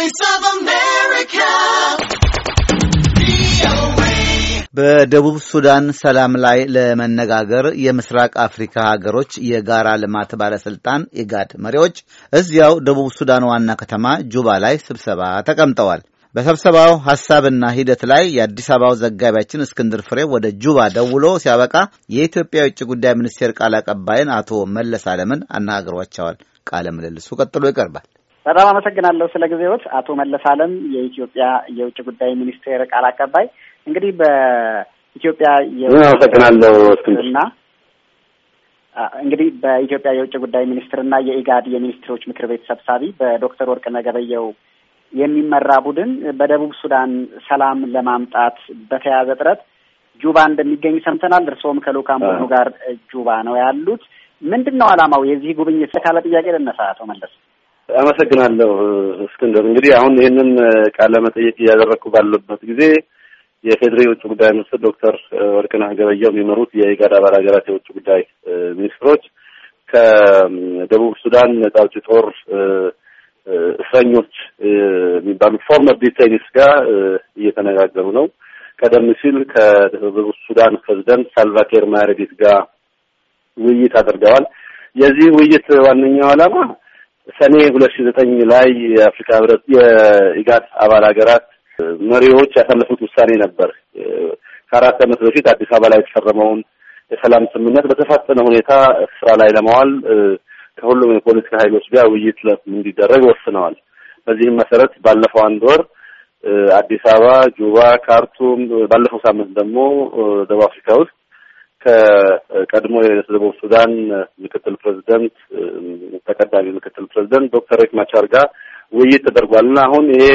Voice of America. በደቡብ ሱዳን ሰላም ላይ ለመነጋገር የምስራቅ አፍሪካ ሀገሮች የጋራ ልማት ባለስልጣን ኢጋድ መሪዎች እዚያው ደቡብ ሱዳን ዋና ከተማ ጁባ ላይ ስብሰባ ተቀምጠዋል። በስብሰባው ሐሳብና ሂደት ላይ የአዲስ አበባው ዘጋቢያችን እስክንድር ፍሬ ወደ ጁባ ደውሎ ሲያበቃ የኢትዮጵያ የውጭ ጉዳይ ሚኒስቴር ቃል አቀባይን አቶ መለስ አለምን አነጋግሯቸዋል። ቃለ ምልልሱ ቀጥሎ ይቀርባል። በጣም አመሰግናለሁ ስለ ጊዜዎት አቶ መለስ አለም፣ የኢትዮጵያ የውጭ ጉዳይ ሚኒስቴር ቃል አቀባይ። እንግዲህ በኢትዮጵያ አመሰግናለሁ እና እንግዲህ በኢትዮጵያ የውጭ ጉዳይ ሚኒስትርና የኢጋድ የሚኒስትሮች ምክር ቤት ሰብሳቢ በዶክተር ወርቅ ነገበየው የሚመራ ቡድን በደቡብ ሱዳን ሰላም ለማምጣት በተያያዘ ጥረት ጁባ እንደሚገኝ ሰምተናል። እርስዎም ከልኡካን ቡድኑ ጋር ጁባ ነው ያሉት። ምንድን ነው ዓላማው የዚህ ጉብኝት? ካለ ጥያቄ ልነሳ አቶ መለስ አመሰግናለሁ እስክንድር። እንግዲህ አሁን ይህንን ቃለ መጠየቅ እያደረግኩ ባለበት ጊዜ የፌዴሬ የውጭ ጉዳይ ሚኒስትር ዶክተር ወርቅነህ ገበየሁ የሚመሩት የኢጋድ አባል ሀገራት የውጭ ጉዳይ ሚኒስትሮች ከደቡብ ሱዳን ነጻ አውጪ ጦር እስረኞች የሚባሉት ፎርመር ዲቴይኒስ ጋር እየተነጋገሩ ነው። ቀደም ሲል ከደቡብ ሱዳን ፕሬዚደንት ሳልቫኪር ማያርዲት ጋር ውይይት አድርገዋል። የዚህ ውይይት ዋነኛው ዓላማ ሰኔ ሁለት ሺ ዘጠኝ ላይ የአፍሪካ ህብረት የኢጋድ አባል ሀገራት መሪዎች ያሳለፉት ውሳኔ ነበር። ከአራት ዓመት በፊት አዲስ አበባ ላይ የተፈረመውን የሰላም ስምምነት በተፋጠነ ሁኔታ ስራ ላይ ለማዋል ከሁሉም የፖለቲካ ኃይሎች ጋር ውይይት እንዲደረግ ወስነዋል። በዚህም መሰረት ባለፈው አንድ ወር አዲስ አበባ፣ ጁባ፣ ካርቱም፣ ባለፈው ሳምንት ደግሞ ደቡብ አፍሪካ ውስጥ ከቀድሞ የደቡብ ሱዳን ምክትል ፕሬዚደንት ተቀዳሚ ምክትል ፕሬዚደንት ዶክተር ሬክ ማቻር ጋር ውይይት ተደርጓል እና አሁን ይሄ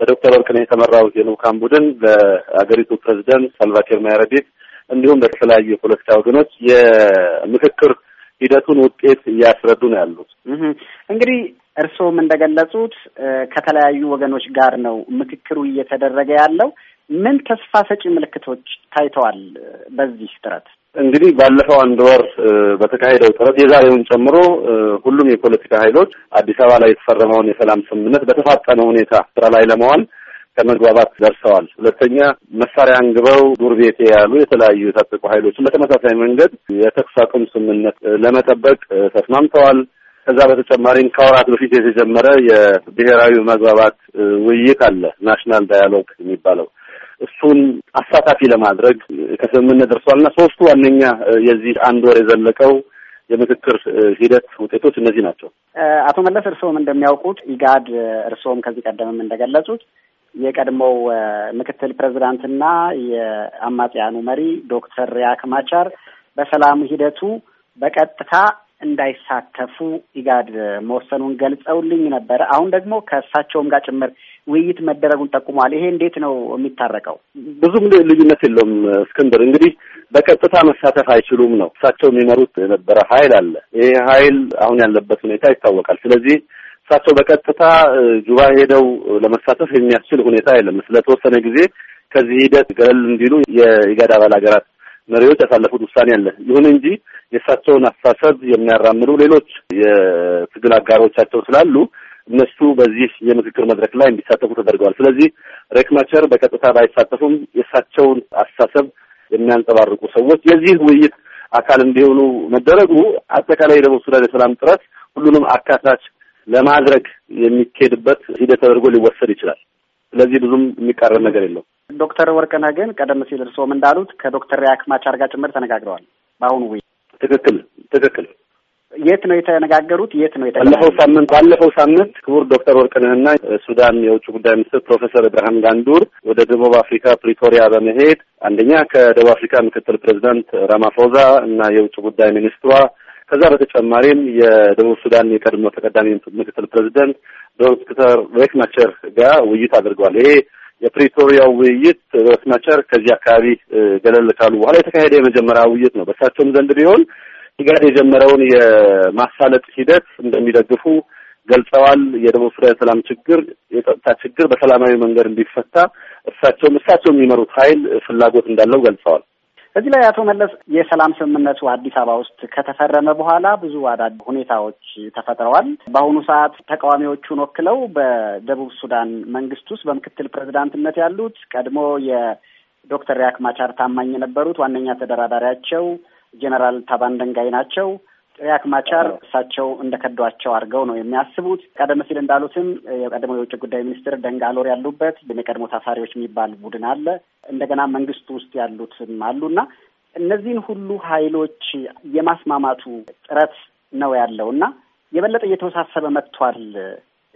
በዶክተር ወርቅነህ የተመራው የልዑካን ቡድን ለአገሪቱ ፕሬዚደንት ሳልቫኪር ማያርዲት እንዲሁም ለተለያዩ የፖለቲካ ወገኖች የምክክር ሂደቱን ውጤት እያስረዱ ነው ያሉት። እንግዲህ እርስዎም እንደገለጹት ከተለያዩ ወገኖች ጋር ነው ምክክሩ እየተደረገ ያለው። ምን ተስፋ ሰጪ ምልክቶች ታይተዋል በዚህ ጥረት? እንግዲህ ባለፈው አንድ ወር በተካሄደው ጥረት የዛሬውን ጨምሮ ሁሉም የፖለቲካ ኃይሎች አዲስ አበባ ላይ የተፈረመውን የሰላም ስምምነት በተፋጠነ ሁኔታ ስራ ላይ ለመዋል ከመግባባት ደርሰዋል። ሁለተኛ መሳሪያ አንግበው ዱር ቤቴ ያሉ የተለያዩ የታጠቁ ኃይሎችን በተመሳሳይ መንገድ የተኩስ አቁም ስምምነት ለመጠበቅ ተስማምተዋል። ከዛ በተጨማሪም ከወራት በፊት የተጀመረ የብሔራዊ መግባባት ውይይት አለ፣ ናሽናል ዳያሎግ የሚባለው እሱን አሳታፊ ለማድረግ ከስምምነት ደርሷልና ሶስቱ ዋነኛ የዚህ አንድ ወር የዘለቀው የምክክር ሂደት ውጤቶች እነዚህ ናቸው። አቶ መለስ እርስዎም እንደሚያውቁት ኢጋድ እርስዎም ከዚህ ቀደምም እንደገለጹት የቀድሞው ምክትል ፕሬዚዳንትና የአማጽያኑ መሪ ዶክተር ሪያክ ማቻር በሰላም ሂደቱ በቀጥታ እንዳይሳተፉ ኢጋድ መወሰኑን ገልጸውልኝ ነበረ። አሁን ደግሞ ከእሳቸውም ጋር ጭምር ውይይት መደረጉን ጠቁመዋል። ይሄ እንዴት ነው የሚታረቀው? ብዙም ልዩነት የለውም እስክንድር። እንግዲህ በቀጥታ መሳተፍ አይችሉም ነው። እሳቸው የሚመሩት የነበረ ኃይል አለ። ይሄ ኃይል አሁን ያለበት ሁኔታ ይታወቃል። ስለዚህ እሳቸው በቀጥታ ጁባ ሄደው ለመሳተፍ የሚያስችል ሁኔታ የለም። ስለተወሰነ ጊዜ ከዚህ ሂደት ገለል እንዲሉ የኢጋድ አባል ሀገራት መሪዎች ያሳለፉት ውሳኔ አለ። ይሁን እንጂ የእሳቸውን አስተሳሰብ የሚያራምዱ ሌሎች የትግል አጋሮቻቸው ስላሉ እነሱ በዚህ የምክክር መድረክ ላይ እንዲሳተፉ ተደርገዋል። ስለዚህ ሬክማቸር በቀጥታ ባይሳተፉም የእሳቸውን አስተሳሰብ የሚያንጸባርቁ ሰዎች የዚህ ውይይት አካል እንዲሆኑ መደረጉ አጠቃላይ የደቡብ ሱዳን የሰላም ጥረት ሁሉንም አካታች ለማድረግ የሚካሄድበት ሂደት ተደርጎ ሊወሰድ ይችላል። ስለዚህ ብዙም የሚቃረን ነገር የለው ዶክተር ወርቅነህ ግን ቀደም ሲል እርስዎም እንዳሉት ከዶክተር ሪያክ ማቻር ጋር ጭምር ተነጋግረዋል። በአሁኑ ውይ ትክክል ትክክል። የት ነው የተነጋገሩት? የት ነው ባለፈው ሳምንት ባለፈው ሳምንት ክቡር ዶክተር ወርቅነህና ሱዳን የውጭ ጉዳይ ሚኒስትር ፕሮፌሰር ኢብራሂም ጋንዱር ወደ ደቡብ አፍሪካ ፕሪቶሪያ በመሄድ አንደኛ ከደቡብ አፍሪካ ምክትል ፕሬዚዳንት ራማፎዛ እና የውጭ ጉዳይ ሚኒስትሯ ከዛ በተጨማሪም የደቡብ ሱዳን የቀድሞ ተቀዳሚ ምክትል ፕሬዚደንት ዶክተር ሬክ ማቸር ጋር ውይይት አድርገዋል። ይሄ የፕሪቶሪያው ውይይት ሬክ ማቸር ከዚህ አካባቢ ገለል ካሉ በኋላ የተካሄደ የመጀመሪያ ውይይት ነው። በእሳቸውም ዘንድ ቢሆን ኢጋድ የጀመረውን የማሳለጥ ሂደት እንደሚደግፉ ገልጸዋል። የደቡብ ሱዳን የሰላም ችግር፣ የጸጥታ ችግር በሰላማዊ መንገድ እንዲፈታ እሳቸውም እሳቸው የሚመሩት ኃይል ፍላጎት እንዳለው ገልጸዋል። በዚህ ላይ አቶ መለስ የሰላም ስምምነቱ አዲስ አበባ ውስጥ ከተፈረመ በኋላ ብዙ አዳዲስ ሁኔታዎች ተፈጥረዋል። በአሁኑ ሰዓት ተቃዋሚዎቹን ወክለው በደቡብ ሱዳን መንግስት ውስጥ በምክትል ፕሬዚዳንትነት ያሉት ቀድሞ የዶክተር ሪያክ ማቻር ታማኝ የነበሩት ዋነኛ ተደራዳሪያቸው ጄኔራል ታባን ደንጋይ ናቸው። ሪያክ ማቻር እሳቸው እንደከዷቸው አድርገው ነው የሚያስቡት። ቀደም ሲል እንዳሉትም የቀድሞው የውጭ ጉዳይ ሚኒስትር ደንጋሎር ያሉበት የቀድሞ ታሳሪዎች የሚባል ቡድን አለ። እንደገና መንግስቱ ውስጥ ያሉትም አሉና እነዚህን ሁሉ ኃይሎች የማስማማቱ ጥረት ነው ያለው እና የበለጠ እየተወሳሰበ መጥቷል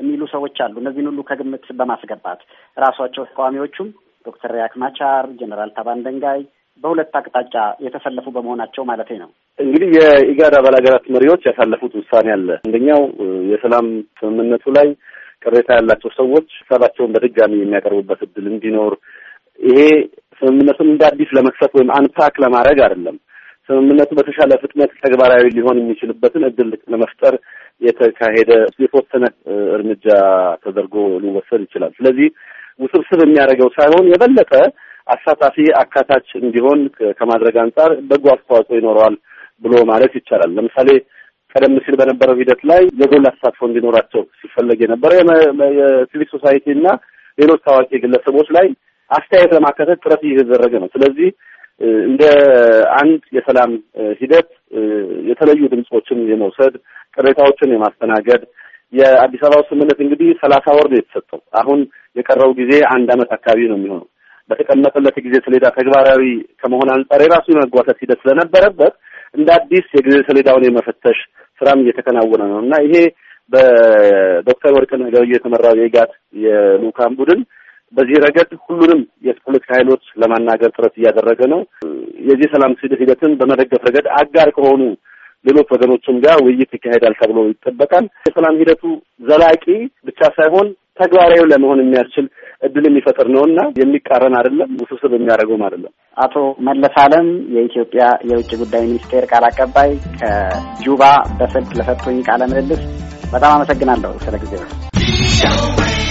የሚሉ ሰዎች አሉ። እነዚህን ሁሉ ከግምት በማስገባት ራሷቸው ተቃዋሚዎቹም ዶክተር ሪያክ ማቻር፣ ጀኔራል ታባን ደንጋይ በሁለት አቅጣጫ የተሰለፉ በመሆናቸው ማለት ነው። እንግዲህ የኢጋድ አባል ሀገራት መሪዎች ያሳለፉት ውሳኔ አለ። አንደኛው የሰላም ስምምነቱ ላይ ቅሬታ ያላቸው ሰዎች ሰባቸውን በድጋሚ የሚያቀርቡበት እድል እንዲኖር ይሄ ስምምነቱን እንደ አዲስ ለመክፈት ወይም አንፓክ ለማድረግ አይደለም። ስምምነቱ በተሻለ ፍጥነት ተግባራዊ ሊሆን የሚችልበትን እድል ለመፍጠር የተካሄደ የተወሰነ እርምጃ ተደርጎ ሊወሰድ ይችላል። ስለዚህ ውስብስብ የሚያደርገው ሳይሆን የበለጠ አሳታፊ አካታች እንዲሆን ከማድረግ አንጻር በጎ አስተዋጽኦ ይኖረዋል ብሎ ማለት ይቻላል። ለምሳሌ ቀደም ሲል በነበረው ሂደት ላይ የጎላ ተሳትፎ እንዲኖራቸው ሲፈለግ የነበረ የሲቪል ሶሳይቲ እና ሌሎች ታዋቂ ግለሰቦች ላይ አስተያየት ለማካተት ጥረት እየተደረገ ነው። ስለዚህ እንደ አንድ የሰላም ሂደት የተለዩ ድምፆችን የመውሰድ ቅሬታዎችን የማስተናገድ የአዲስ አበባው ስምምነት እንግዲህ ሰላሳ ወር ነው የተሰጠው። አሁን የቀረው ጊዜ አንድ አመት አካባቢ ነው የሚሆነው። በተቀመጠለት የጊዜ ሰሌዳ ተግባራዊ ከመሆን አንጻር የራሱ የመጓተት ሂደት ስለነበረበት እንደ አዲስ የጊዜ ሰሌዳውን የመፈተሽ ስራም እየተከናወነ ነው እና ይሄ በዶክተር ወርቅነህ ገበየሁ የተመራው የኢጋድ የልኡካን ቡድን በዚህ ረገድ ሁሉንም የፖለቲካ ኃይሎች ለማናገር ጥረት እያደረገ ነው። የዚህ ሰላም ሂደትን በመደገፍ ረገድ አጋር ከሆኑ ሌሎች ወገኖችም ጋር ውይይት ይካሄዳል ተብሎ ይጠበቃል። የሰላም ሂደቱ ዘላቂ ብቻ ሳይሆን ተግባራዊ ለመሆን የሚያስችል እድል የሚፈጥር ነው እና የሚቃረን አይደለም፣ ውስብስብ የሚያደርገውም አይደለም። አቶ መለስ አለም የኢትዮጵያ የውጭ ጉዳይ ሚኒስቴር ቃል አቀባይ ከጁባ በስልክ ለሰጡኝ ቃለ ምልልስ በጣም አመሰግናለሁ ስለ ጊዜው።